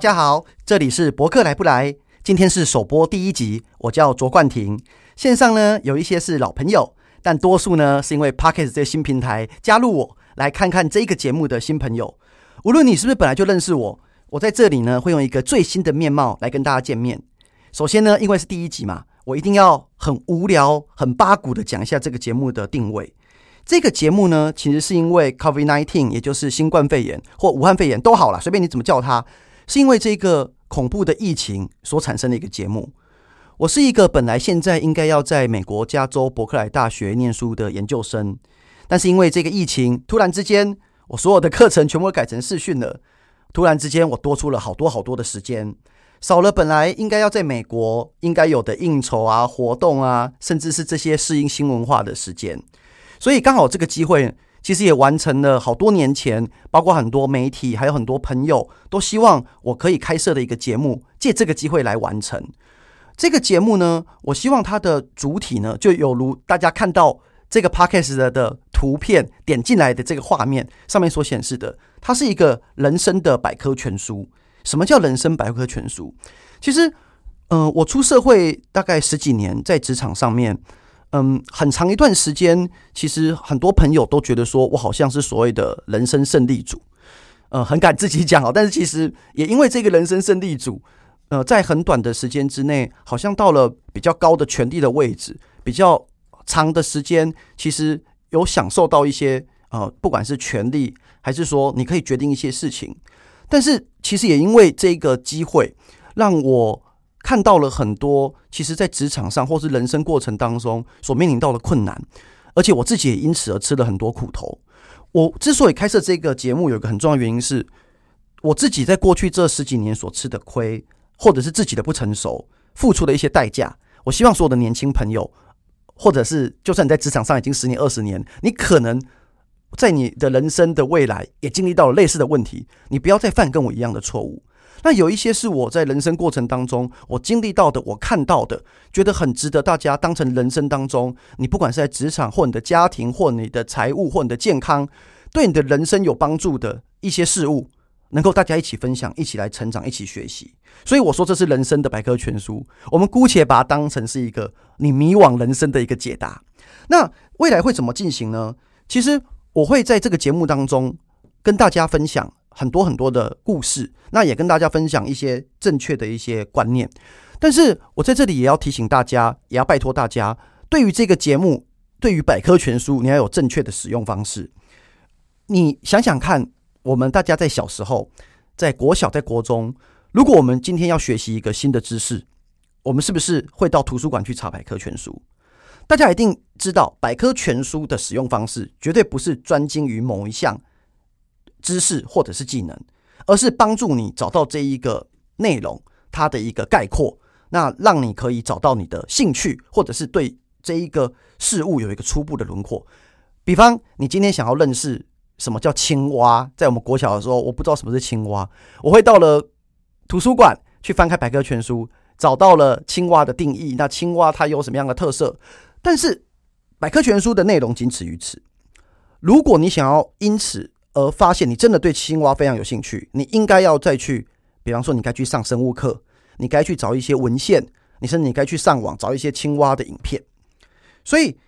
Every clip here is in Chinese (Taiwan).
大家好，這裡是柏克萊不來。今天是首播第一集，我叫卓冠廷。線上呢有一些是老朋友，但多數呢是因為 Pocket 這個新平台加入我，來看看這個節目的新朋友。無論你是不是本來就認識我，我在這裡呢會用一個最新的面貌來跟大家見面。首先呢，因為是第一集嘛，我一定要很無聊、很八股的講一下這個節目的定位。這個節目呢，其實是因為 COVID-19，也就是新冠肺炎或武漢肺炎都好了，隨便你怎麼叫它。是因為這個恐怖的疫情所產生的一個節目。我是一個本來現在應該要在美國加州柏克萊大學念書的研究生，但是因為這個疫情，突然之間我所有的課程全部都改成視訊了。突然之間，我多出了好多好多的時間，少了本來應該要在美國應該有的應酬啊、活動啊，甚至是這些適應新文化的時間。所以剛好這個機會。其實也完成了好多年前，包括很多媒體，還有很多朋友都希望我可以開設的一個節目，借這個機會來完成這個節目呢。我希望它的主體呢，就有如大家看到這個 podcast 的的圖片，點進來的這個畫面上面所顯示的，它是一個人生的百科全書。什麼叫人生百科全書？其實，嗯、呃，我出社會大概十幾年，在職場上面。嗯，很長一段時間，其實很多朋友都覺得說我好像是所謂的人生勝利組，呃，很敢自己講哦。但是其實也因為這個人生勝利組，呃，在很短的時間之內，好像到了比較高的權力的位置，比較長的時間，其實有享受到一些，呃，不管是權力還是說你可以決定一些事情，但是其實也因為這個機會讓我。看到了很多，其實在職場上或是人生過程當中所面臨到的困難，而且我自己也因此而吃了很多苦頭。我之所以開設這個節目，有一個很重要的原因是，我自己在過去這十幾年所吃的虧，或者是自己的不成熟，付出的一些代價。我希望所有的年輕朋友，或者是就算你在職場上已經十年、二十年，你可能在你的人生的未來也經歷到了類似的問題，你不要再犯跟我一樣的錯誤。那有一些是我在人生過程當中我經歷到的、我看到的，覺得很值得大家當成人生當中，你不管是在職場或你的家庭、或你的財務、或你的健康，對你的人生有幫助的一些事物，能夠大家一起分享，一起來成長，一起學習。所以我說這是人生的百科全書，我們姑且把它當成是一個你迷惘人生的一個解答。那未來會怎麼進行呢？其實我會在這個節目當中跟大家分享。很多很多的故事，那也跟大家分享一些正確的一些觀念。但是我在這裡也要提醒大家，也要拜託大家，對於這個節目，對於百科全書，你要有正確的使用方式。你想想看，我們大家在小時候，在國小，在國中，如果我們今天要學習一個新的知識，我們是不是會到圖書館去查百科全書？大家一定知道，百科全書的使用方式，絕對不是專精於某一項。知識或者是技能，而是幫助你找到這一個內容它的一個概括，那讓你可以找到你的興趣，或者是對這一個事物有一個初步的輪廓。比方，你今天想要認識什麼叫青蛙，在我們國小的時候，我不知道什麼是青蛙，我會到了圖書館去翻開百科全書，找到了青蛙的定義。那青蛙它有什麼樣的特色？但是百科全書的內容僅止於此。如果你想要因此而發現你真的對青蛙非常有興趣，你應該要再去，比方說，你該去上生物課，你該去找一些文獻，你甚至你該去上網找一些青蛙的影片。所以，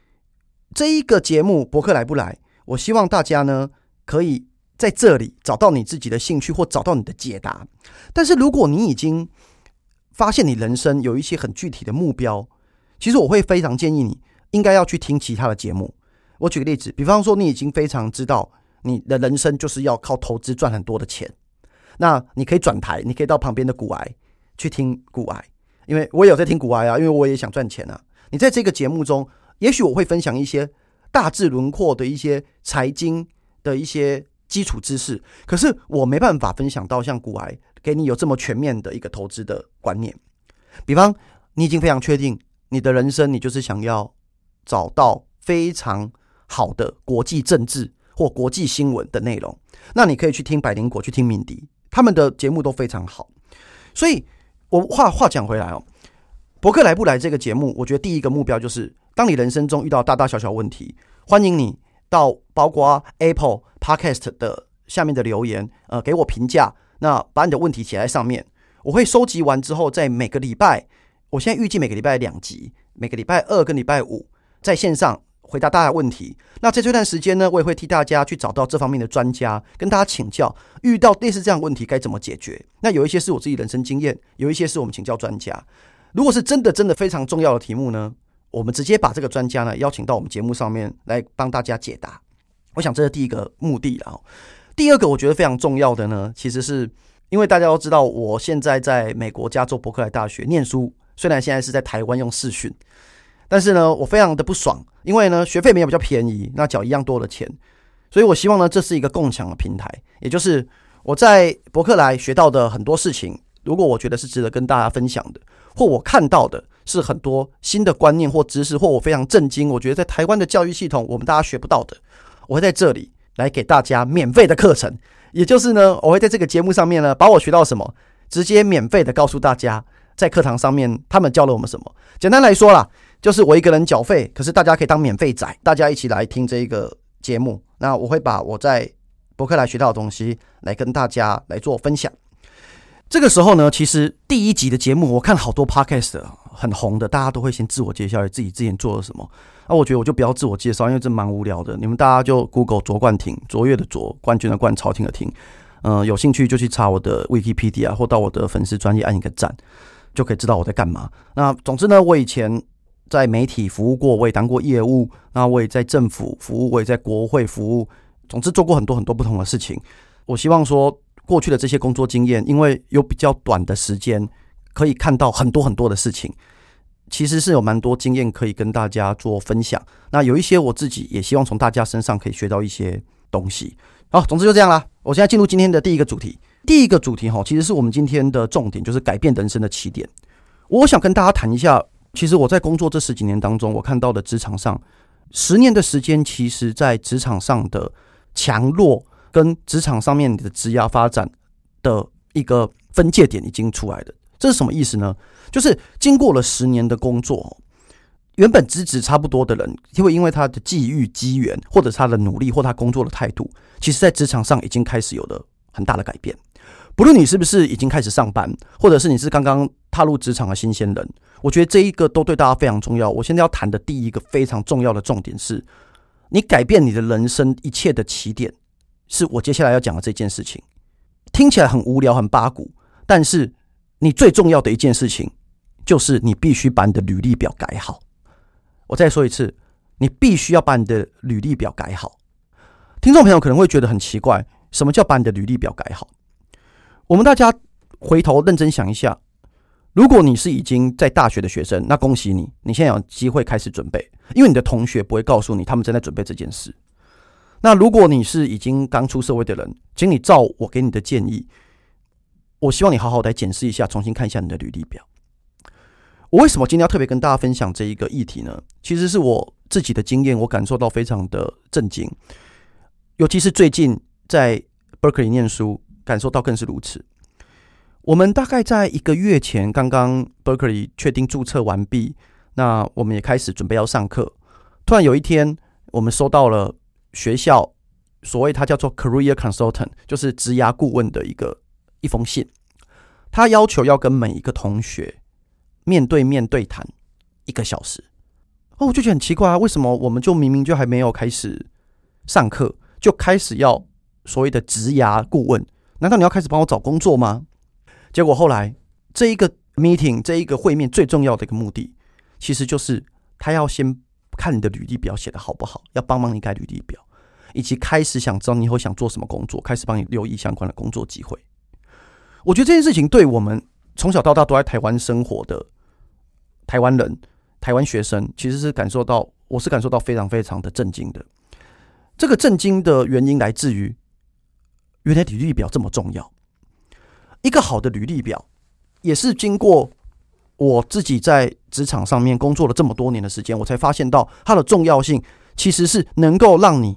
這一個節目柏克萊不來，我希望大家呢，可以在這裡找到你自己的興趣或找到你的解答。但是，如果你已經發現你人生有一些很具體的目標，其實我會非常建議你應該要去聽其他的節目。我舉個例子，比方說，你已經非常知道。你的人生就是要靠投資賺很多的錢。那你可以轉台，你可以到旁邊的股癌去聽股癌，因為我也有在聽股癌啊，因為我也想賺錢啊。你在這個節目中，也許我會分享一些大致輪廓的一些財經的一些基礎知識，可是我沒辦法分享到像股癌給你有這麼全面的一個投資的觀念。比方，你已經非常確定你的人生，你就是想要找到非常好的國際政治，或國際新聞的內容，那你可以去聽百靈果，去聽敏迪，他們的節目都非常好。所以我話話講回來哦，柏克萊不來這個節目，我覺得第一個目標就是，當你人生中遇到大大小小問題，歡迎你到包括 Apple Podcast 的下面的留言，呃，給我評價。那把你的問題寫在上面，我會收集完之後，在每個禮拜，我現在預計每個禮拜兩集，每個禮拜二跟禮拜五在線上。回答大家問題。那在這段時間呢，我也會替大家去找到這方面的專家，跟大家請教，遇到類似這樣的問題該怎麼解決？那有一些是我自己人生經驗，有一些是我們請教專家。如果是真的真的非常重要的題目呢，我們直接把這個專家呢邀請到我們節目上面來幫大家解答。我想這是第一個目的啦。第二個我覺得非常重要的呢，其實是因為大家都知道，我現在在美國加州柏克萊大學念書，雖然現在是在台灣用視訊。但是呢，我非常的不爽，因為呢學費沒有比較便宜，那繳一樣多的錢，所以我希望呢這是一個共享的平台，也就是我在柏克萊學到的很多事情，如果我覺得是值得跟大家分享的，或我看到的是很多新的觀念或知識，或我非常震驚，我覺得在台灣的教育系統我們大家學不到的，我會在這裡來給大家免費的課程，也就是呢我會在這個節目上面呢把我學到什麼直接免費的告訴大家，在課堂上面他們教了我們什麼，簡單來說啦。就是我一個人繳費，可是大家可以當免費仔，大家一起來聽這一個節目。那我會把我在柏克萊學到的東西來跟大家來做分享。這個時候呢，其實第一集的節目我看好多 Podcast 很紅的，大家都會先自我介紹自己之前做了什麼。那、啊、我覺得我就不要自我介紹，因為這蠻無聊的。你們大家就 Google 卓冠庭，卓越的卓，冠軍的冠，朝廷的庭，嗯、呃，有興趣就去查我的 Wikipedia 或到我的粉絲專頁按一個讚，就可以知道我在幹嘛。那總之呢，我以前。在媒體服務過，我也當過業務，那我也在政府服務，我也在國會服務，總之做過很多很多不同的事情。我希望說，過去的這些工作經驗，因為有比較短的時間，可以看到很多很多的事情，其實是有蠻多經驗可以跟大家做分享。那有一些我自己也希望從大家身上可以學到一些東西。好，總之就這樣啦。我現在進入今天的第一個主題，第一個主題哈，其實是我們今天的重點，就是改變人生的起點。我想跟大家談一下。其實我在工作這十幾年當中，我看到的職場上，十年的時間，其實在職場上的強弱跟職場上面的職涯發展的一個分界點已經出來了。這是什麼意思呢？就是經過了十年的工作，原本職職差不多的人，就會因為他的際遇、機緣，或者他的努力，或者他工作的態度，其實在職場上已經開始有了很大的改變。不論你是不是已經開始上班，或者是你是剛剛踏入職場的新鮮人，我覺得這一個都對大家非常重要。我現在要談的第一個非常重要的重點是，你改變你的人生一切的起點，是我接下來要講的這件事情。聽起來很無聊、很八股，但是你最重要的一件事情就是你必須把你的履歷表改好。我再說一次，你必須要把你的履歷表改好。聽眾朋友可能會覺得很奇怪，什麼叫把你的履歷表改好？我們大家回頭認真想一下，如果你是已經在大學的學生，那恭喜你，你現在有機會開始準備，因為你的同學不會告訴你，他們正在準備這件事。那如果你是已經剛出社會的人，請你照我給你的建議，我希望你好好來檢視一下，重新看一下你的履歷表。我為什麼今天要特別跟大家分享這一個議題呢？其實是我自己的經驗，我感受到非常的震驚，尤其是最近在 Berkeley 念書，感受到更是如此。我們大概在一個月前剛剛 Berkeley 確定註冊完畢，那我們也開始準備要上課。突然有一天，我們收到了學校所謂它叫做 Career Consultant，就是職涯顧問的一個一封信。他要求要跟每一個同學面對面對談一個小時。哦，我就覺得很奇怪啊，為什麼我們就明明就還沒有開始上課，就開始要所謂的職涯顧問？難道你要開始幫我找工作嗎？結果後來，這一個 meeting，這一個會面最重要的一個目的，其實就是他要先看你的履歷表寫得好不好，要幫忙你改履歷表，以及開始想知道你以後想做什麼工作，開始幫你留意相關的工作機會。我覺得這件事情對我們從小到大都在台灣生活的台灣人、台灣學生，其實是感受到，我是感受到非常非常的震驚的。這個震驚的原因來自於原來履歷表這麼重要。一個好的履歷表，也是經過我自己在職場上面工作了這麼多年的時間，我才發現到它的重要性其實是能夠讓你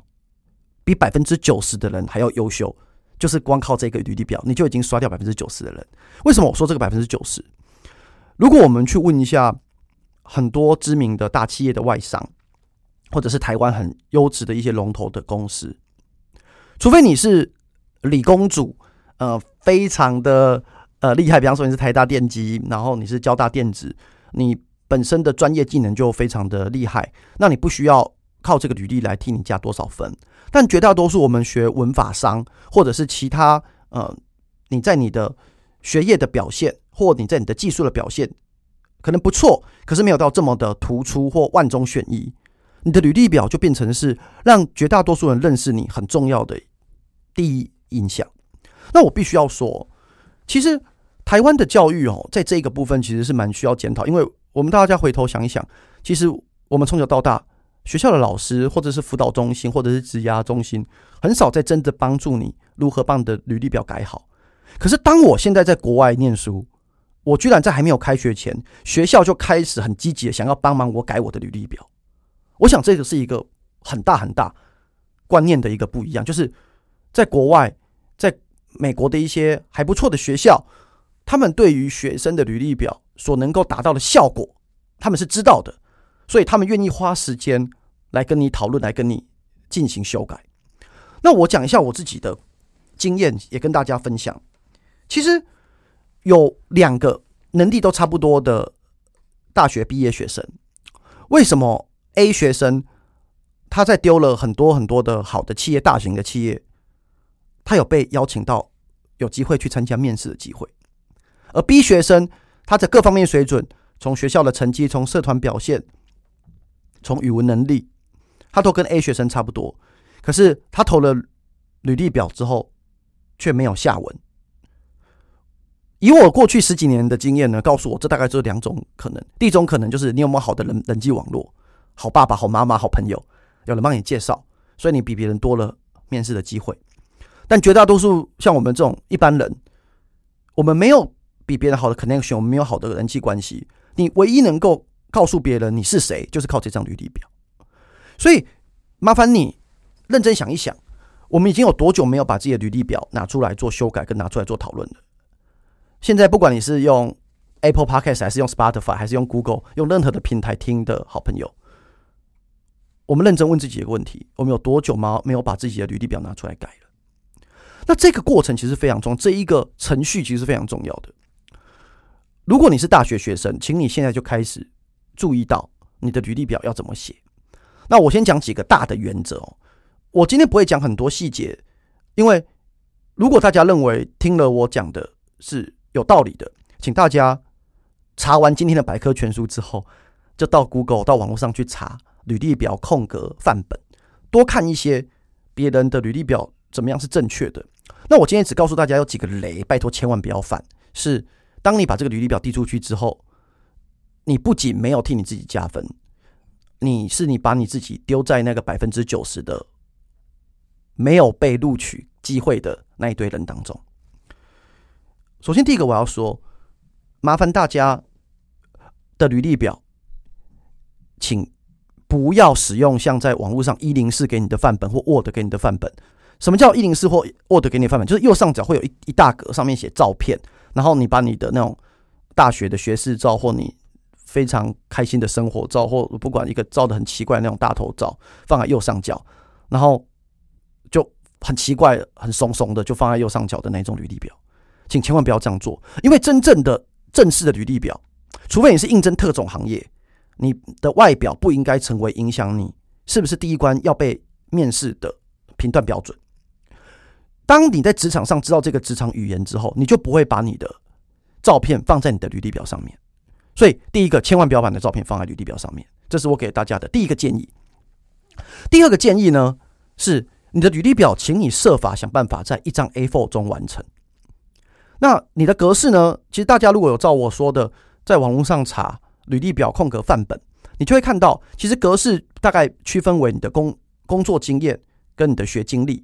比百分之九十的人還要優秀。就是光靠這個履歷表，你就已經刷掉百分之九十的人。為什麼我說這個百分之九十？如果我們去問一下很多知名的大企業的外商，或者是台灣很優質的一些龍頭的公司，除非你是理工組，呃。非常的呃厲害，比方說你是台大電機，然後你是交大電子，你本身的專業技能就非常的厲害，那你不需要靠這個履歷來替你加多少分。但絕大多數我們學文法商或者是其他呃，你在你的學業的表現或你在你的技術的表現可能不錯，可是沒有到這麼的突出或萬中選一，你的履歷表就變成是讓絕大多數人認識你很重要的第一印象。那我必須要說，其實台灣的教育哦，在這個部分其實是蠻需要檢討，因為我們大家回頭想一想，其實我們從小到大，學校的老師，或者是輔導中心，或者是職涯中心，很少在真的幫助你如何把你的履歷表改好。可是當我現在在國外念書，我居然在還沒有開學前，學校就開始很積極的想要幫忙我改我的履歷表。我想這個是一個很大很大觀念的一個不一樣，就是在國外，美國的一些還不錯的學校，他們對於學生的履歷表所能夠達到的效果，他們是知道的，所以他們願意花時間來跟你討論，來跟你進行修改。那我講一下我自己的經驗，也跟大家分享。其實有兩個能力都差不多的大學畢業學生，為什麼 A 學生他在丟了很多很多的好的企業，大型的企業，他有被邀請到，有機會去參加面試的機會。而 B 學生他的各方面水準，從學校的成績，從社團表現，從語文能力，他都跟 A 學生差不多。可是他投了履歷表之後却沒有下文。以我過去十幾年的經驗呢，告訴我這大概只有兩種可能：第一種可能就是你有沒有好的人人際網絡，好爸爸、好媽媽、好朋友，有人幫你介紹，所以你比別人多了面試的機會。但絕大多數像我們這種一般人，我們沒有比別人好的 connection，我們沒有好的人際關係。你唯一能夠告訴別人你是誰，就是靠這張履歷表。所以，麻煩你認真想一想，我們已經有多久沒有把自己的履歷表拿出來做修改，跟拿出來做討論了？現在，不管你是用 Apple Podcast 還是用 Spotify 還是用 Google，用任何的平台聽的好朋友，我們認真問自己一個問題：我們有多久嗎？沒有把自己的履歷表拿出來改了？那這個過程其實非常重要，這一個程序其實非常重要的。如果你是大學學生，請你現在就開始注意到你的履歷表要怎麼寫。那我先講幾個大的原則哦。我今天不會講很多細節，因為如果大家認為聽了我講的是有道理的，請大家查完今天的百科全書之後，就到 Google 到網絡上去查履歷表空格範本，多看一些別人的履歷表怎麼樣是正確的。那我今天只告訴大家有幾個雷，拜託千萬不要犯。是，當你把這個履歷表遞出去之後，你不僅沒有替你自己加分，你是你把你自己丟在那個百分之九十的沒有被錄取機會的那一堆人當中。首先，第一個我要說，麻煩大家的履歷表，請不要使用像在網絡上一零四給你的範本或 Word 給你的範本。什麼叫一零四或 Word 給你範本？就是右上角會有一一大格，上面寫照片，然後你把你的那種大學的學士照，或你非常開心的生活照，或不管一個照得很奇怪的那種大頭照，放在右上角，然後就很奇怪、很慫慫的就放在右上角的那種履歷表，請千萬不要這樣做，因為真正的正式的履歷表，除非你是應徵特種行業，你的外表不應該成為影響你是不是第一關要被面試的評斷標準。當你在職場上知道這個職場語言之後，你就不會把你的照片放在你的履歷表上面。所以，第一個，千萬不要把你的照片放在履歷表上面，這是我給大家的第一個建議。第二個建議呢，是你的履歷表，請你設法想辦法在一張 A4 中完成。那你的格式呢？其實大家如果有照我說的，在網絡上查履歷表空格範本，你就會看到，其實格式大概區分為你的工工作經驗跟你的學經歷。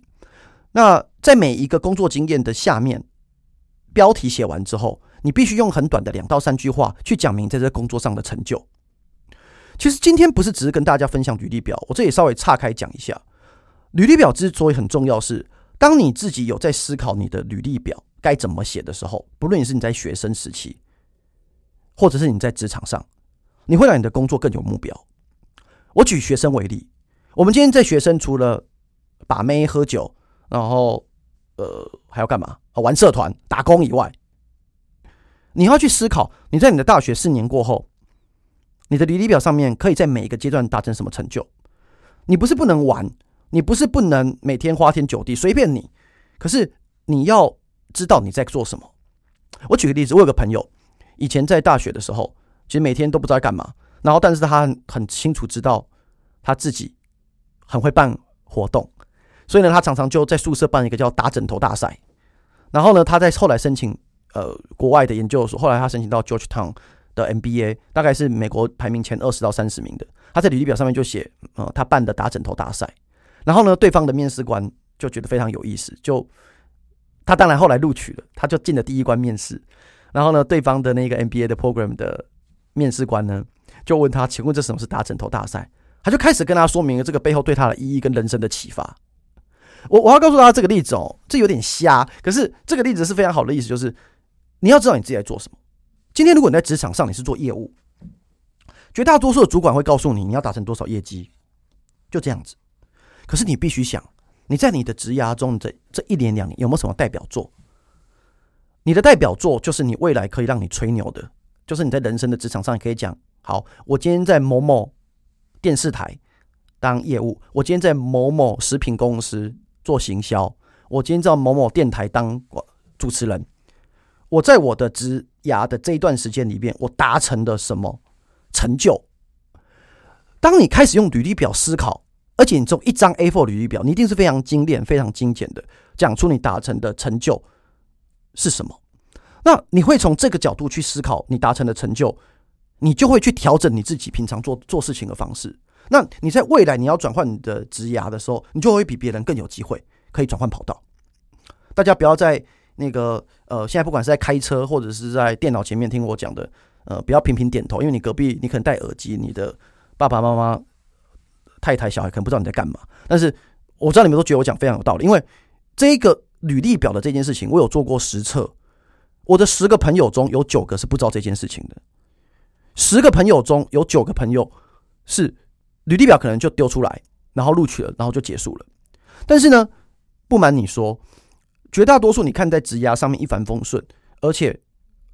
那在每一個工作經驗的下面，標題寫完之後，你必須用很短的兩到三句話去講明在這工作上的成就。其實今天不是只是跟大家分享履歷表，我這也稍微岔開講一下。履歷表之所以很重要是，是當你自己有在思考你的履歷表該怎麼寫的時候，不論你是你在學生時期，或者是你在職場上，你會讓你的工作更有目標。我舉學生為例，我們今天在學生除了把妹喝酒。然後，呃，還要幹嘛？啊，玩社團、打工以外，你要去思考，你在你的大學四年過後，你的履歷表上面可以在每一個階段達成什麼成就？你不是不能玩，你不是不能每天花天酒地，隨便你，可是你要知道你在做什麼。我舉個例子，我有個朋友，以前在大學的時候，其實每天都不知道在幹嘛，然後但是他很清楚知道他自己很會辦活動。所以呢，他常常就在宿舍辦一個叫打枕頭大賽。然後呢，他在後來申請呃國外的研究所，後來他申請到 Georgetown 的 MBA，大概是美國排名前二十到三十名的。他在履歷表上面就寫，呃，他辦的打枕頭大賽。然後呢，對方的面試官就覺得非常有意思，就他當然後來錄取了，他就進了第一關面試。然後呢，對方的那個 MBA 的 program 的面試官呢，就問他，請問這什麼是打枕頭大賽？他就開始跟他說明了這個背後對他的意義跟人生的啟發。我我要告訴大家這個例子哦，這有點瞎，可是這個例子是非常好的意思，就是你要知道你自己在做什麼。今天如果你在職場上，你是做業務，絕大多數的主管會告訴你，你要達成多少業績，就這樣子。可是你必須想，你在你的職涯中，這這一年兩年有沒有什麼代表作？你的代表作就是你未來可以讓你吹牛的，就是你在人生的職場上，你可以講：好，我今天在某某電視台當業務，我今天在某某食品公司，做行銷，我今天在某某電台當主持人，我在我的職涯的這一段時間裡面，我達成的什麼成就。當你開始用履歷表思考，而且你做一張 A4 履歷表，你一定是非常精煉、非常精簡的講出你達成的成就是什麼。那你會從這個角度去思考你達成的成就，你就會去調整你自己平常做做事情的方式。那你在未來你要轉換你的職涯的時候，你就會比別人更有機會可以轉換跑道。大家不要在那個呃，現在不管是在開車或者是在電腦前面聽我講的，呃，不要頻頻點頭，因為你隔壁你可能戴耳機，你的爸爸媽媽、太太、小孩可能不知道你在幹嘛。但是我知道你們都覺得我講非常有道理，因為這個履歷表的這件事情，我有做過實測，我的十個朋友中有九個是不知道這件事情的，十個朋友中有九個朋友是。履歷表可能就丟出來，然後錄取了，然後就結束了。但是呢，不瞞你說，絕大多數你看在職涯上面一帆風順，而且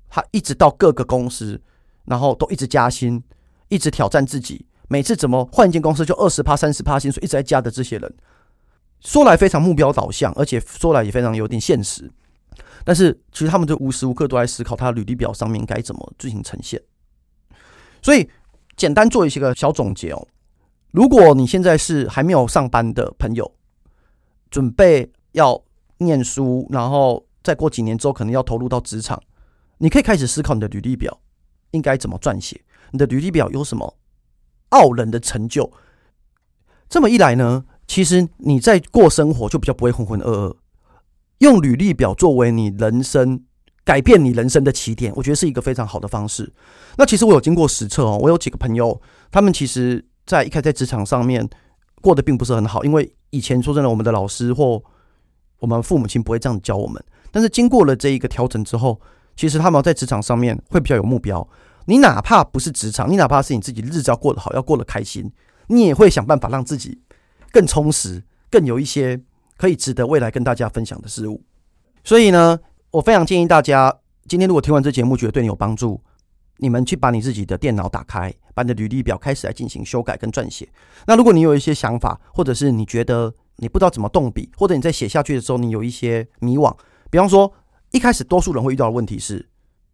他一直到各個公司，然後都一直加薪，一直挑戰自己。每次怎麼換一間公司就二十趴、三十趴薪水一直在加的這些人，說來非常目標導向，而且說來也非常有點現實。但是其實他們就無時無刻都在思考他履歷表上面該怎麼進行呈現。所以簡單做一些個小總結哦。如果你現在是還沒有上班的朋友，準備要念書，然後再過幾年之後可能要投入到職場，你可以開始思考你的履歷表應該怎麼撰寫。你的履歷表有什麼傲人的成就？這麼一來呢，其實你在過生活就比較不會渾渾噩噩。用履歷表作為你人生，改變你人生的起點，我覺得是一個非常好的方式。那其實我有經過實測哦，我有幾個朋友，他們其實，在一開始在職場上面過得並不是很好，因為以前說真的，我們的老師或我們父母親不會這樣教我們。但是經過了這一個調整之後，其實他們在職場上面會比較有目標。你哪怕不是職場，你哪怕是你自己日子要過得好，要過得開心，你也會想辦法讓自己更充實，更有一些可以值得未來跟大家分享的事物。所以呢，我非常建議大家，今天如果聽完這節目覺得對你有幫助，你們去把你自己的電腦打開，把你的履歷表開始來進行修改跟撰寫。那如果你有一些想法，或者是你覺得你不知道怎麼動筆，或者你在寫下去的時候你有一些迷惘，比方說一開始多數人會遇到的問題是：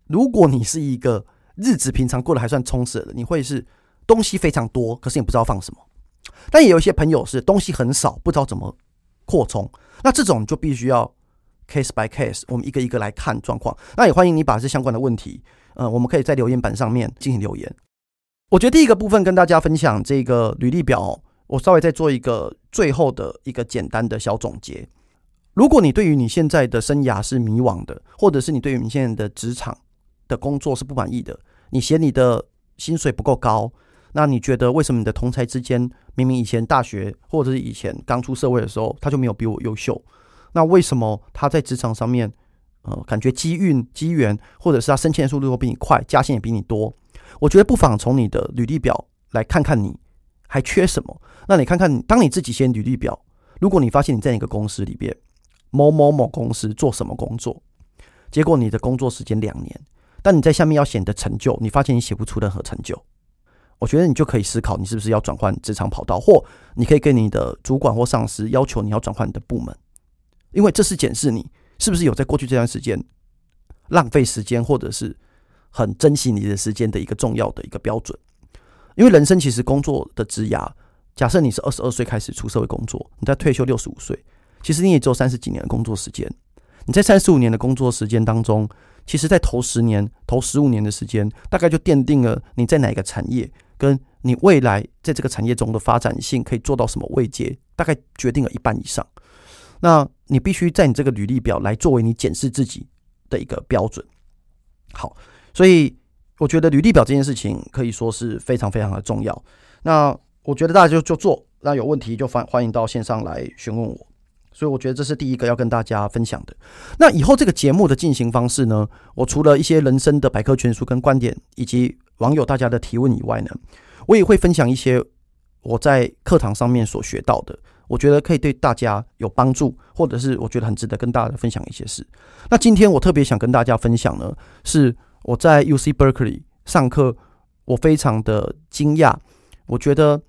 如果你是一個日子平常過得還算充實的，你會是東西非常多，可是你不知道放什麼；但也有一些朋友是東西很少，不知道怎麼擴充。那這種就必須要 case by case，我們一個一個來看狀況。那也歡迎你把這相關的問題。呃、嗯，我們可以在留言板上面進行留言。我覺得第一個部分跟大家分享這個履歷表。哦，我稍微再做一個最後的一個簡單的小總結。如果你對於你現在的生涯是迷惘的，或者是你對於你現在的職場的工作是不滿意的，你嫌你的薪水不夠高，那你覺得為什麼你的同儕之間，明明以前大學或者是以前剛出社會的時候，他就沒有比我優秀，那為什麼他在職場上面？呃，感覺機運、機緣，或者是他升遷的速度都比你快，加薪也比你多。我覺得不妨從你的履歷表來看看你，你還缺什麼。那你看看，當你自己寫履歷表，如果你發現你在一個公司裡邊，某某某公司做什麼工作，結果你的工作時間兩年，但你在下面要寫你的成就，你發現你寫不出任何成就，我覺得你就可以思考，你是不是要轉換職場跑道，或你可以跟你的主管或上司要求你要轉換你的部門，因為這是檢視你。是不是有在過去這段時間浪費時間，或者是很珍惜你的時間的一個重要的一個標準？因為人生其實工作的職涯，假設你是二十二歲開始出社會工作，你在退休六十五歲，其實你也只有三十幾年的工作時間。你在三十五年的工作時間當中，其實在頭十年、頭十五年的時間，大概就奠定了你在哪個產業，跟你未來在這個產業中的發展性可以做到什麼位階，大概決定了一半以上。那。你必須在你這個履歷表來作為你檢視自己的一個標準。好，所以我覺得履歷表這件事情可以說是非常非常的重要。那我覺得大家就就做，那有問題就歡歡迎到線上來詢問我。所以我覺得這是第一個要跟大家分享的。那以後這個節目的進行方式呢，我除了一些人生的百科全書跟觀點，以及網友大家的提問以外呢，我也會分享一些我在課堂上面所學到的。我覺得可以對大家有幫助，或者是我覺得很值得跟大家分享一些事。那今天我特別想跟大家分享呢，是我在 UC Berkeley 上課，我非常的驚訝。我覺得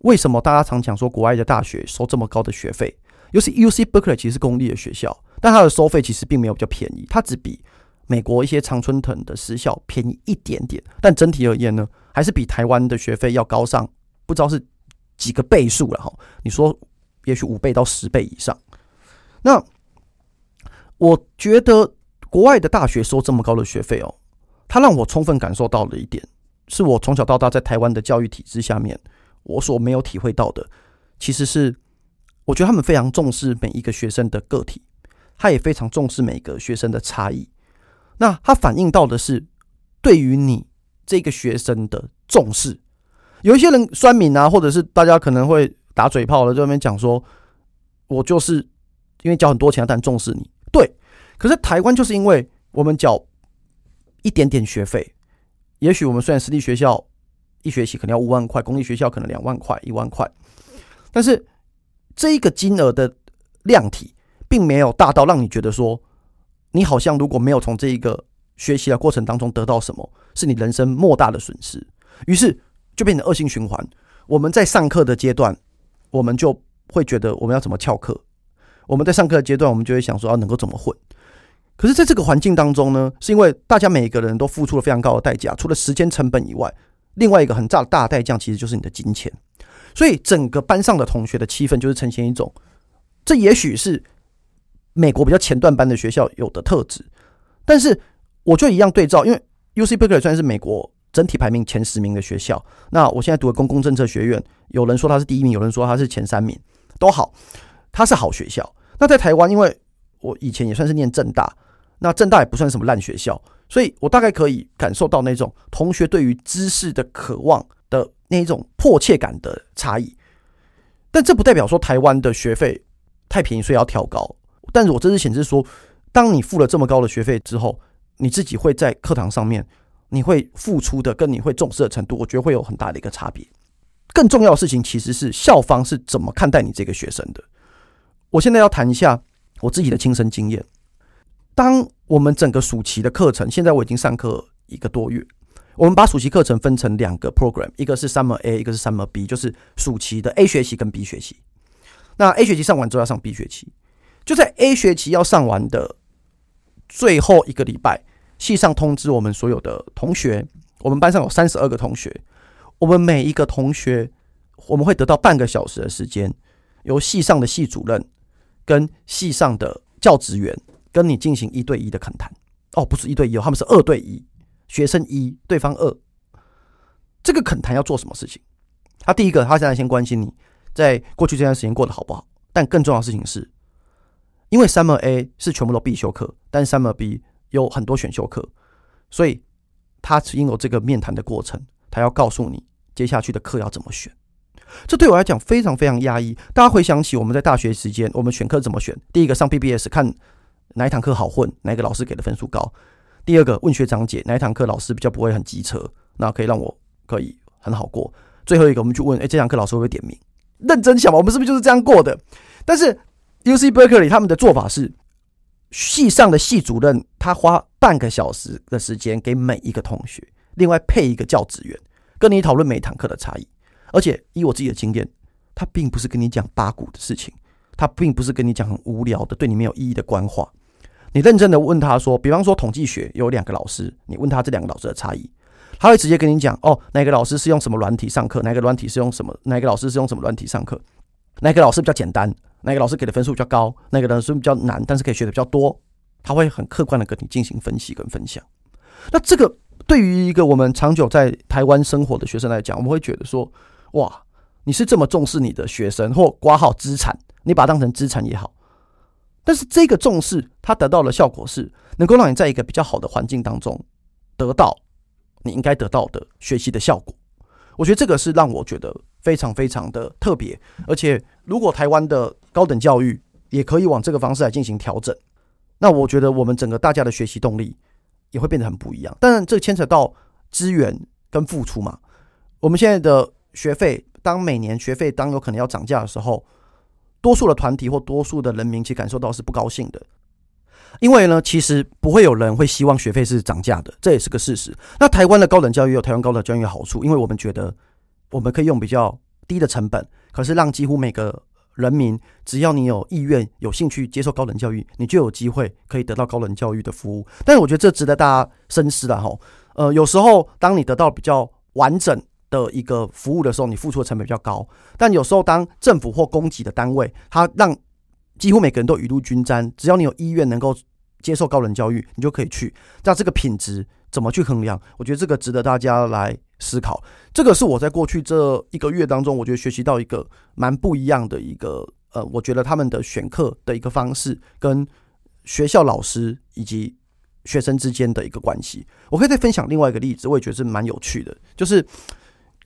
為什麼大家常講說國外的大學收這麼高的學費？尤其 UC Berkeley 其實是公立的學校，但它的收費其實並沒有比較便宜，它只比美國一些常春藤的私校便宜一點點。但整體而言呢，還是比台灣的學費要高上不知道是幾個倍數了哈。你說？也許五倍到十倍以上。那我覺得國外的大學收這麼高的學費哦，他讓我充分感受到了一點，是我從小到大在台灣的教育體制下面我所沒有體會到的，其實是我覺得他們非常重視每一個學生的個體，他也非常重視每個學生的差異。那他反映到的是對於你這個學生的重視。有一些人酸民啊，或者是大家可能會。打嘴炮了，在外面講說，我就是因為交很多錢，但重視你。對，可是台灣就是因為我們繳一點點學費，也許我們雖然私立學校一學期可能要五萬塊，公立學校可能兩萬塊、一萬塊，但是這一個金額的量體，並沒有大到讓你覺得說，你好像如果沒有從這一個學習的過程當中得到什麼，是你人生莫大的損失。於是就變成惡性循環。我們在上課的階段。我們就會覺得我們要怎麼翹課，我們在上課的階段，我們就會想說要、啊、能夠怎麼混。可是，在這個環境當中呢，是因為大家每個人都付出了非常高的代價，除了時間成本以外，另外一個很大的代價其實就是你的金錢。所以，整個班上的同學的氣氛就是呈現一種，這也許是美國比較前段班的學校有的特質。但是，我就一樣對照，因為 UC Berkeley 算是美國。整體排名前十名的學校，那我現在讀的公共政策學院，有人說他是第一名，有人說他是前三名，都好，他是好學校。那在台灣，因為我以前也算是念政大，那政大也不算什麼爛學校，所以我大概可以感受到那種同學對於知識的渴望的那一種迫切感的差異。但這不代表說台灣的學費太便宜，所以要調高。但是我這是顯示說，當你付了這麼高的學費之後，你自己會在課堂上面。你會付出的跟你會重視的程度，我覺得會有很大的一個差別。更重要的事情其實是校方是怎麼看待你這個學生的。我現在要談一下我自己的親身經驗。當我們整個暑期的課程，現在我已經上課一個多月。我們把暑期課程分成兩個 program，一個是 Summer A，一個是 Summer B，就是暑期的 A 學期跟 B 學期。那 A 學期上完之後要上 B 學期，就在 A 學期要上完的最後一個禮拜。系上通知我們所有的同學，我們班上有三十二個同學，我們每一個同學我們會得到半個小時的時間，由系上的系主任跟系上的教職員跟你進行一對一的懇談。哦，不是一對一哦，他們是二對一，學生一，對方二。這個懇談要做什麼事情？他第一個，他現在先關心你在過去這段時間過得好不好。但更重要的事情是，因為 Summer A 是全部都必修課，但 Summer B。有很多選修課，所以他擁有這個面談的過程，他要告訴你接下去的課要怎麼選。這對我來講非常非常壓抑。大家回想起我們在大學時間，我們選課怎麼選？第一個上 BBS 看哪一堂課好混，哪一個老師給的分數高；第二個問學長姐哪一堂課老師比較不會很機車，那可以讓我可以很好過；最後一個我們就問，誒、欸，這堂課老師會不會點名？認真想吧，我們是不是就是這樣過的？但是 UC Berkeley 他們的做法是。系上的系主任，他花半個小時的時間給每一個同學，另外配一個教職員跟你討論每一堂課的差異。而且以我自己的經驗，他並不是跟你講八股的事情，他並不是跟你講很無聊的、對你沒有意義的官話。你認真的問他說，比方說統計學有兩個老師，你問他這兩個老師的差異，他會直接跟你講，哦，哪個老師是用什麼軟體上課，哪個軟體是用什麼，哪個老師是用什麼軟體上課，哪個老師比較簡單。哪個老師給的分數比較高？哪個老師比較難，但是可以學的比較多？他會很客觀的跟你進行分析跟分享。那這個對於一個我們長久在台灣生活的學生來講，我們會覺得說：哇，你是這麼重視你的學生或管好資產，你把它當成資產也好。但是這個重視，它得到的效果是能夠讓你在一個比較好的環境當中得到你應該得到的學習的效果。我覺得這個是讓我覺得。非常非常的特別，而且如果台灣的高等教育也可以往這個方式來進行調整，那我覺得我們整個大家的學習動力也會變得很不一樣。但是這牽扯到資源跟付出嘛。我們現在的學費，當每年學費當有可能要漲價的時候，多數的團體或多數的人民其實感受到是不高興的，因為呢，其實不會有人會希望學費是漲價的，這也是個事實。那台灣的高等教育有台灣高等教育的好處，因為我們覺得。我們可以用比較低的成本，可是讓幾乎每個人民，只要你有意願、有興趣接受高等教育，你就有機會可以得到高等教育的服務。但是我覺得這值得大家深思的哈。呃，有時候當你得到比較完整的一個服務的時候，你付出的成本比較高；但有時候當政府或供給的單位，它讓幾乎每個人都雨露均沾，只要你有意願能夠接受高等教育，你就可以去。那這個品質怎麼去衡量？我覺得這個值得大家來。思考，這個是我在過去這一個月當中，我覺得學習到一個蠻不一樣的一個呃，我覺得他們的選課的一個方式，跟學校老師以及學生之間的一個關係。我可以再分享另外一個例子，我也覺得是蠻有趣的，就是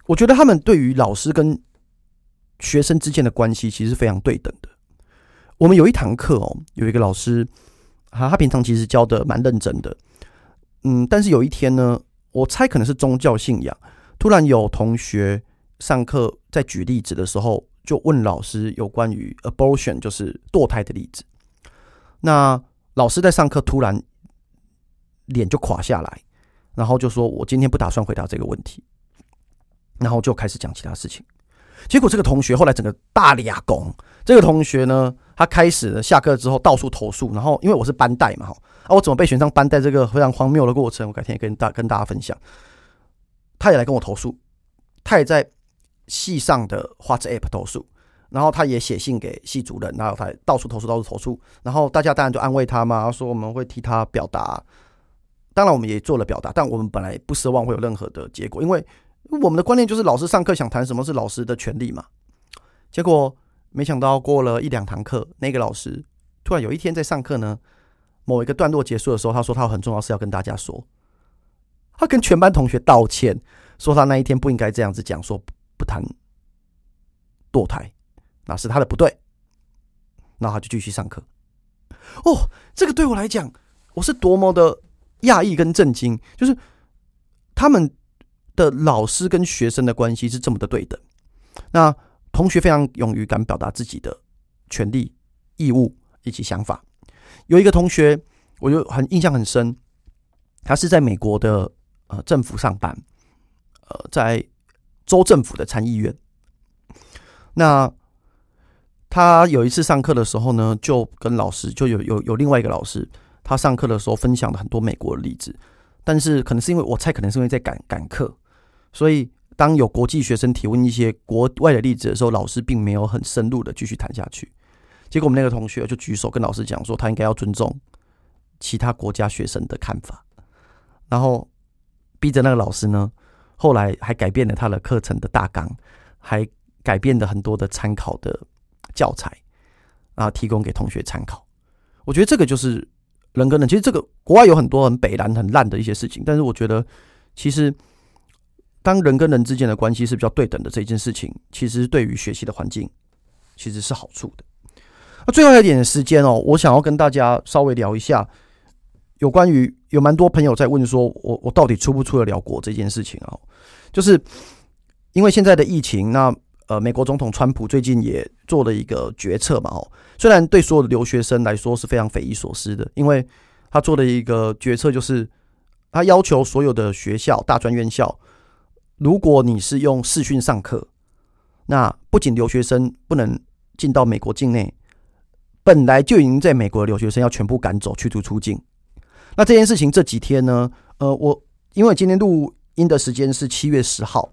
我覺得他們對於老師跟學生之間的關係，其實非常對等的。我們有一堂課哦，有一個老師啊，他平常其實教的蠻認真的，嗯，但是有一天呢。我猜可能是宗教信仰。突然有同學上課在舉例子的時候，就問老師有關於 abortion，就是墮胎的例子。那老師在上課突然臉就垮下來，然後就說：“我今天不打算回答這個問題。”然後就開始講其他事情。結果這個同學後來整個大抓狂。這個同學呢，他開始呢下課之後到處投訴。然後因為我是班代嘛，啊，我怎麼被選上班？在這個非常荒謬的過程，我改天也跟大跟大家分享。他也來跟我投訴，他也在系上的 WhatsApp 投訴，然後他也寫信給系主任，然後他到處投訴，到處投訴。然後大家當然就安慰他嘛，說我們會替他表達。當然，我們也做了表達，但我們本來不奢望會有任何的結果，因為我們的觀念就是老師上課想談什麼是老師的權利嘛。結果沒想到過了一兩堂課，那個老師突然有一天在上課呢。某一個段落結束的時候，他說他有很重要事要跟大家說，他跟全班同學道歉，說他那一天不應該這樣子講，說不，不談墮胎，那是他的不對，然後他就繼續上課。哦，這個對我來講，我是多麼的訝異跟震驚，就是他們的老師跟學生的關係是這麼的對等，那同學非常勇於敢表達自己的權利、義務以及想法。有一個同學，我就很印象很深，他是在美國的呃政府上班，呃，在州政府的參議院。那他有一次上課的時候呢，就跟老師就有有有另外一個老師，他上課的時候分享了很多美國的例子，但是可能是因為我猜，可能是因為在趕趕課，所以當有國際學生提問一些國外的例子的時候，老師並沒有很深入的繼續談下去。結果我們那個同學就舉手跟老師講說，他應該要尊重其他國家學生的看法，然後逼着那個老師呢，後來還改變了他的課程的大綱，還改變了很多的參考的教材，然後提供給同學參考。我覺得這個就是人跟人，其實這個國外有很多很北爛很爛的一些事情，但是我覺得其實當人跟人之間的關係是比較對等的這一件事情，其實對於學習的環境其實是好處的。最後一點時間哦，我想要跟大家稍微聊一下，有關於有蠻多朋友在問說我，我我到底出不出得了國這件事情哦，就是因為現在的疫情，那呃，美國總統川普最近也做了一個決策嘛。哦，雖然對所有的留學生來說是非常匪夷所思的，因為他做的一個決策就是，他要求所有的學校大專院校，如果你是用視訊上課，那不僅留學生不能進到美國境內。本來就已經在美國的留學生要全部趕走，驅逐出境，那這件事情這幾天呢？呃，我因為今天錄音的時間是七月十號，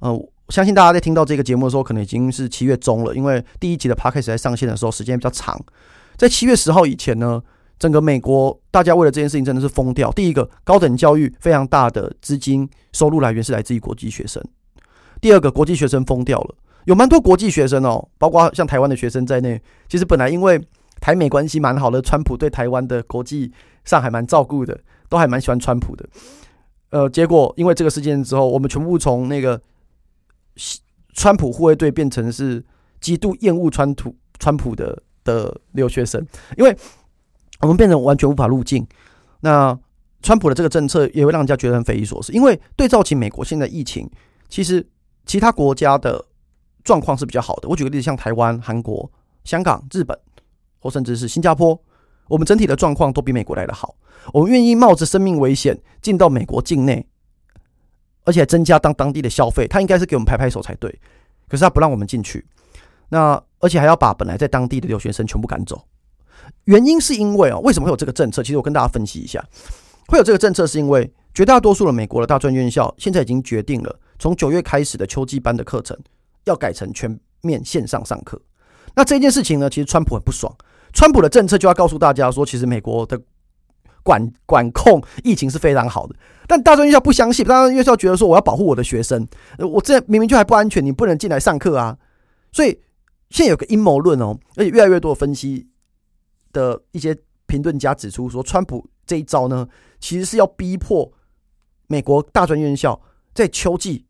呃，我相信大家在聽到這個節目的時候，可能已經是七月中了。因為第一集的 podcast 在上線的時候時間比較長，在七月十號以前呢，整個美國大家為了這件事情真的是瘋掉。第一個，高等教育非常大的資金收入來源是來自於國際學生；第二個，國際學生瘋掉了。有蠻多國際學生哦，包括像台灣的學生在內。其實本來因為台美關係蠻好的，川普對台灣的國際上還蠻照顧的，都還蠻喜歡川普的。呃，結果因為這個事件之後，我們全部從那個川普護衛隊變成是極度厭惡川普川普的川普的，的留學生，因為我們變成完全無法入境。那川普的這個政策也會讓人家覺得很匪夷所思，因為對照起美國現在疫情，其實其他國家的。狀況是比較好的。我舉個例子，像台灣、韓國、香港、日本，或甚至是新加坡，我們整體的狀況都比美國來得好。我們願意冒着生命危險進到美國境內，而且還增加當當地的消費，他應該是給我們拍拍手才對。可是他不讓我們進去，那而且還要把本來在當地的留學生全部趕走。原因是因為啊、哦，為什麼會有這個政策？其實我跟大家分析一下，會有這個政策是因為絕大多數的美國的大專院校現在已經決定了，從九月開始的秋季班的課程。要改成全面線上上課，那這件事情呢，其實川普很不爽。川普的政策就要告訴大家說，其實美國的管管控疫情是非常好的。但大專院校不相信，大專院校覺得說，我要保護我的學生，我這明明就還不安全，你不能進來上課啊！所以現在有個陰謀論哦，而且越來越多分析的一些評論家指出說，川普這一招呢，其實是要逼迫美國大專院校在秋季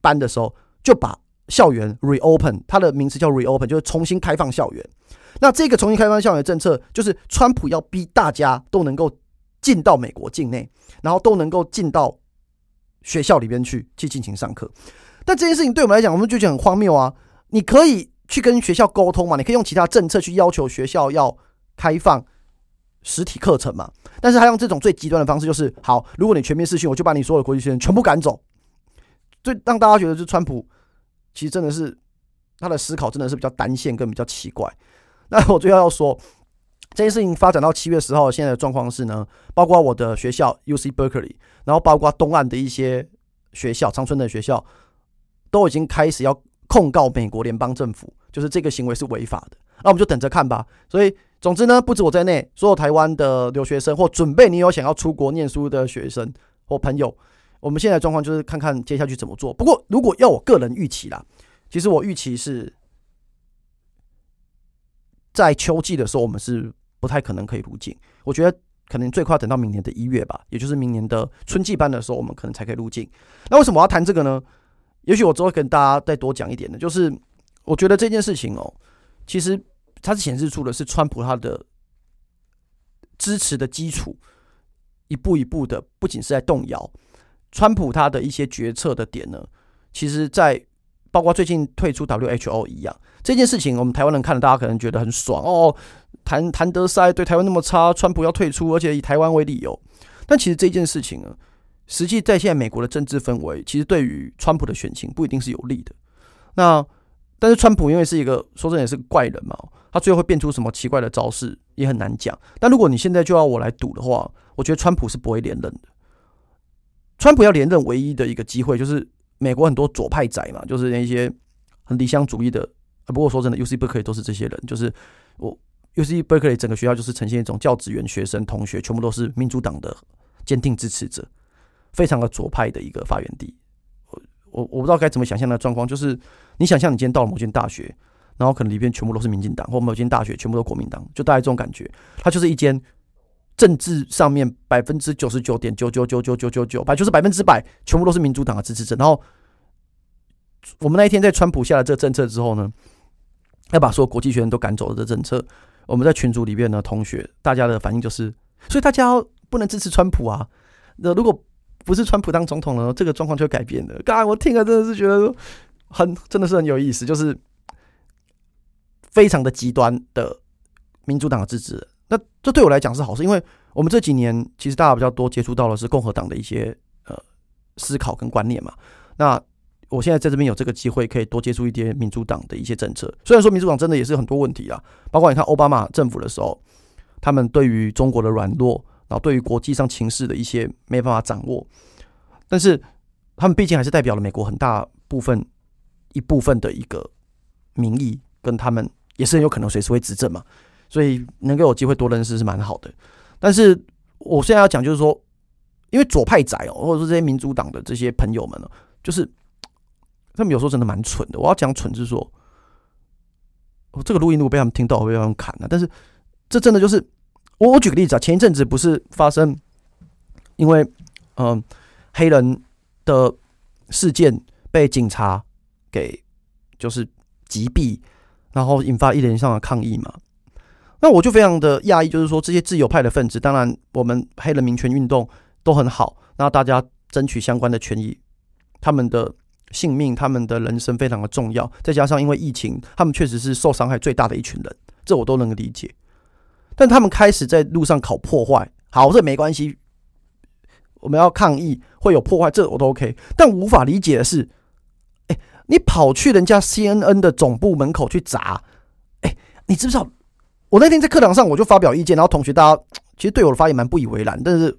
班的時候就把校園 reopen，它的名詞叫 reopen，就是重新開放校園。那這個重新開放校園的政策，就是川普要逼大家都能夠進到美國境內，然後都能夠進到學校裡邊去去進行上課。但這件事情對我們來講，我們就覺得很荒謬啊！你可以去跟學校溝通嘛，你可以用其他政策去要求學校要開放實體課程嘛。但是他用這種最極端的方式，就是好，如果你全面視訊，我就把你所有的國際學生全部趕走。最讓大家覺得就是川普。其實真的是他的思考真的是比較單線，跟比較奇怪。那我最後要說這件事情發展到七月十號，現在的狀況是呢，包括我的學校 UC Berkeley，然後包括東岸的一些學校、長春的學校，都已經開始要控告美國聯邦政府，就是這個行為是違法的。那我們就等着看吧。所以總之呢，不止我在內，所有台灣的留學生或準備你有想要出國念書的學生或朋友。我們現在狀況就是看看接下去怎麼做。不過，如果要我個人預期啦，其實我預期是在秋季的時候，我們是不太可能可以入境。我覺得可能最快等到明年的一月吧，也就是明年的春季班的時候，我們可能才可以入境。那為什麼我要談這個呢？也許我之後跟大家再多講一點的，就是我覺得這件事情哦，其實它是顯示出的是川普他的支持的基礎一步一步的，不僅是在動搖。川普他的一些決策的點呢，其實，在包括最近退出 WHO 一樣這一件事情，我們台灣人看了，大家可能覺得很爽哦，譚譚德塞對台灣那麼差，川普要退出，而且以台灣為理由。但其實這一件事情呢，實際在現在美國的政治氛圍，其實對於川普的選情不一定是有利的。那但是川普因為是一個說真的也是個怪人嘛，他最後會變出什麼奇怪的招式也很難講。但如果你現在就要我來賭的話，我覺得川普是不會連任的。川普要連任唯一的一個機會，就是美國很多左派仔嘛，就是那一些很理想主義的。不過說真的，UC Berkeley 都是這些人，就是我 UC Berkeley 整個學校就是呈現一種教職員、學生、同學全部都是民主黨的堅定支持者，非常的左派的一個發源地。我我我不知道該怎麼想象那狀況，就是你想象你今天到了某間大學，然後可能裡面全部都是民進黨，或某間大學全部都國民黨，就大概這種感覺。它就是一間。政治上面百分之九十九點九九九九九九九，百分之百就是百分之百，全部都是民主黨的支持者。然後我們那一天在川普下了這個政策之後呢，要把所有國際學員都趕走的這政策，我們在群組裡面的同學大家的反應就是，所以大家不能支持川普啊！那如果不是川普當總統了，這個狀況就會改變的。剛我聽了真的是覺得很，真的是很有意思，就是非常的極端的民主黨的支持。那這對我來講是好事，因為我們這幾年其實大家比較多接觸到的是共和黨的一些呃思考跟觀念嘛。那我現在在這邊有這個機會，可以多接觸一些民主黨的一些政策。雖然說民主黨真的也是很多問題啊，包括你看奧巴馬政府的時候，他們對於中國的軟弱，然後對於國際上情勢的一些沒辦法掌握，但是他們畢竟還是代表了美國很大部分一部分的一個民意，跟他們也是有可能隨時會執政嘛。所以能夠有機會多認識是蠻好的，但是我現在要講就是說，因為左派仔哦、喔，或者說這些民主黨的這些朋友們哦、喔，就是他們有時候真的蠻蠢的。我要講蠢就是說，我這個錄音錄被他們聽到，我被他們砍了、啊，但是這真的就是我，我舉個例子啊，前一陣子不是發生因為嗯、呃、黑人的事件被警察給就是擊斃，然後引發一連串的抗議嘛。那我就非常的訝異，就是說，這些自由派的分子，當然我們黑人民權運動都很好，那大家爭取相關的權益，他們的性命、他們的人生非常的重要。再加上因為疫情，他們確實是受傷害最大的一群人，這我都能夠理解。但他們開始在路上搞破壞，好，這沒關係，我們要抗議，會有破壞，這我都 OK。但無法理解的是，欸，你跑去人家 CNN 的總部門口去砸，欸，你知不知道？我那天在課堂上，我就發表意見，然後同學大家其實對我的發言蠻不以為然。但是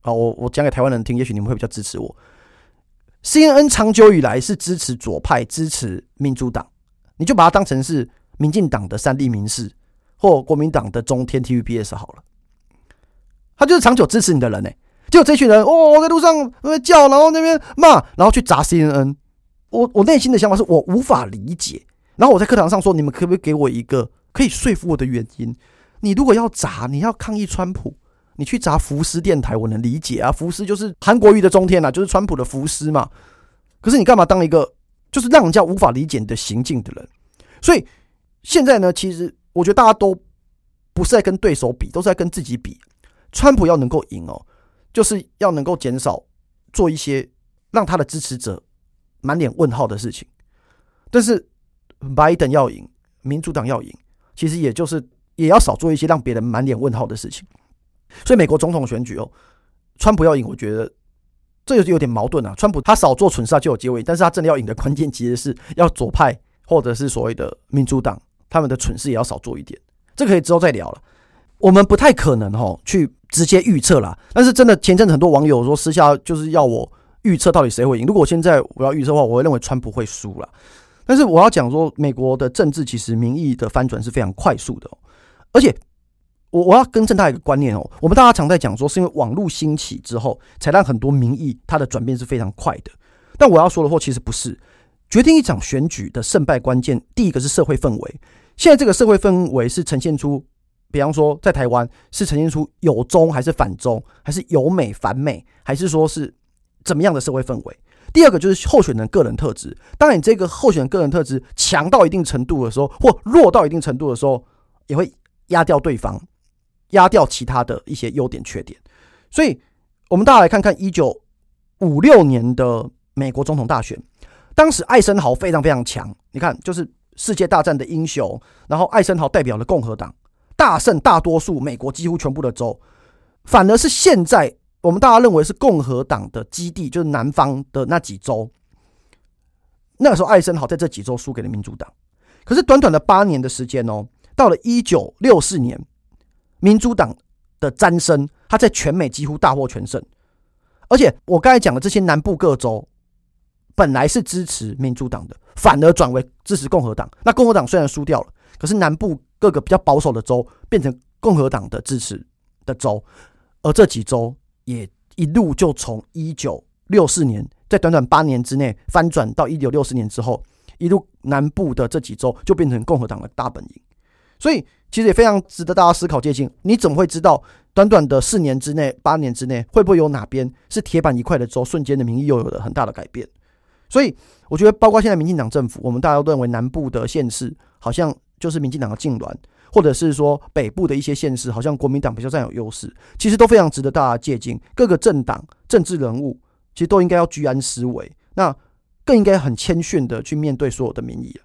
啊，我我講給台灣人聽，也許你們會比較支持我。C N N 長久以來是支持左派、支持民主黨，你就把它當成是民進黨的三立民視，或國民黨的中天、T V B S 好了。他就是長久支持你的人呢、欸。就這群人哦，我在路上叫，然後那邊罵，然後去砸 C N N。我我內心的想法是我無法理解。然後我在課堂上說，你們可不可以給我一個？可以說服我的原因，你如果要砸，你要抗議川普，你去砸福斯電台，我能理解啊。福斯就是韓國瑜的中天吶啊，就是川普的福斯嘛。可是你幹嘛當一個就是讓人家無法理解你的行徑的人？所以現在呢，其實我覺得大家都不是在跟對手比，都是在跟自己比。川普要能夠贏哦，就是要能夠減少做一些讓他的支持者滿臉問號的事情。但是拜登要贏，民主黨要贏。其實也就是也要少做一些讓別人滿臉問號的事情，所以美國總統選舉哦，川普要贏，我覺得這就是有點矛盾啊。川普他少做蠢事就有機會，但是他真的要贏的關鍵，其實是要左派或者是所謂的民主黨，他們的蠢事也要少做一點。這個可以之後再聊了。我們不太可能哈、哦、去直接預測了，但是真的前陣子很多網友說私下就是要我預測到底誰會贏。如果我現在我要預測的話，我會認為川普會輸了。但是我要講說，美國的政治其實民意的翻轉是非常快速的，而且我我要更正大家一個觀念哦，我們大家常在講說，是因為網絡興起之後，才讓很多民意它的轉變是非常快的。但我要說的話，其實不是決定一場選舉的勝敗關鍵。第一個是社會氛圍，現在這個社會氛圍是呈現出，比方說在台灣是呈現出友中還是反中，還是友美反美，還是說是怎麼樣的社會氛圍？第二個就是候選人個人特質，當你這個候選人個人特質強到一定程度的時候，或弱到一定程度的時候，也會壓掉對方，壓掉其他的一些優點缺點。所以，我們大家來看看一九五六年的美國總統大選，當時艾森豪非常非常強，你看，就是世界大戰的英雄，然後艾森豪代表了共和黨，大勝大多數美國幾乎全部的州，反而是現在。我們大家認為是共和黨的基地，就是南方的那幾州。那個時候，艾森豪在這幾州輸給了民主黨。可是，短短的八年的時間哦，到了一九六四年，民主黨的詹森，他在全美幾乎大獲全勝。而且，我剛才講的這些南部各州，本來是支持民主黨的，反而轉為支持共和黨。那共和黨雖然輸掉了，可是南部各個比較保守的州變成共和黨的支持的州，而這幾州。也一路就從一九六四年，在短短八年之內翻轉到一九六四年之後，一路南部的這幾州就變成共和黨的大本營，所以其實也非常值得大家思考借鏡，你怎麼會知道短短的四年之內、八年之內，會不會有哪邊是鐵板一塊的州，瞬間的民意又有了很大的改變？所以我覺得，包括現在民進黨政府，我們大家都認為南部的縣市好像就是民進黨的禁臠。或者是說北部的一些縣市，好像國民黨比較佔有優勢，其實都非常值得大家借鑑。各個政黨、政治人物其實都應該要居安思危，那更應該很謙遜的去面對所有的民意。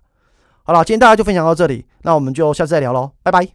好了，今天大家就分享到這裡，那我們就下次再聊嘍，拜拜。